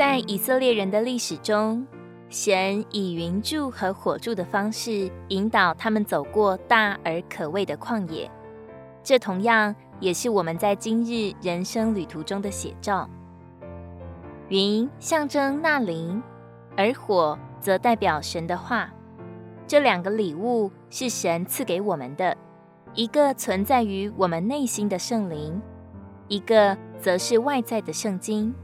在以色列人的歷史中，神以雲柱和火柱的方式引導他們走過大而可畏的曠野。這同樣也是我們在今日人生旅途中的寫照。雲象徵那靈，而火則代表神的話。這兩個禮物是神賜給我們的，一個存在於我們內心的聖靈，一個則是外在的聖經。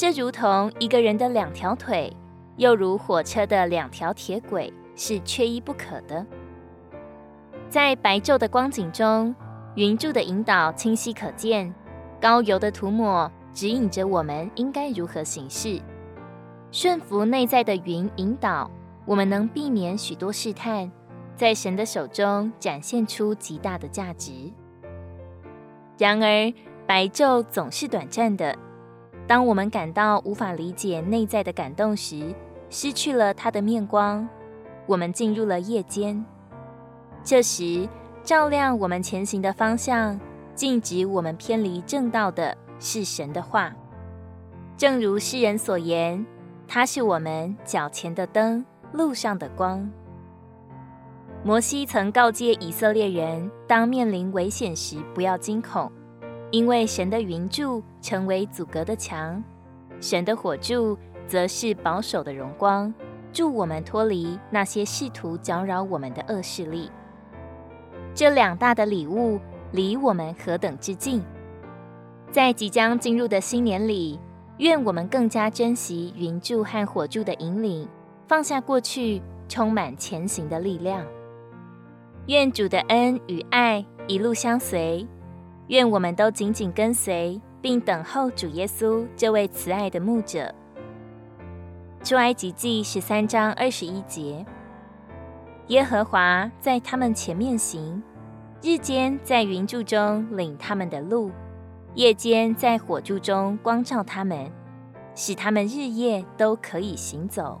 這如同一個人的兩條腿，又如火車的兩條鐵軌，是缺一不可的。在白晝的光景中，雲柱的引導清晰可見，膏油的塗抹指引着我們應該如何行事。順服內在的雲引導，我們能避免許多試探，在神的手中展現出極大的價值。然而，白晝總是短暫的。當我們感到無法理解內在的感動時，失去了它的面光，我們進入了夜間。這時，照亮我們前行的方向，禁止我們偏離正道的是神的話。正如詩人所言，他是我們腳前的燈，路上的光。摩西曾告誡以色列人，當面臨危險時，不要驚恐。因為神的雲柱成為阻隔的牆，神的火柱則是保守的榮光，助我們脫離那些試圖攪擾我們的惡勢力。這兩大的禮物離我們何等之近！在即將進入的新年裡，願我們更加珍惜雲柱和火柱的引領，放下過去，充滿前行的力量。願主的恩與愛一路相隨。願我們都緊緊跟隨並等候主耶穌這位慈愛的牧者。出埃及記十三章二十一節：耶和華在他們前面行，日間在雲柱中領他們的路，夜間在火柱中光照他們，使他們日夜都可以行走。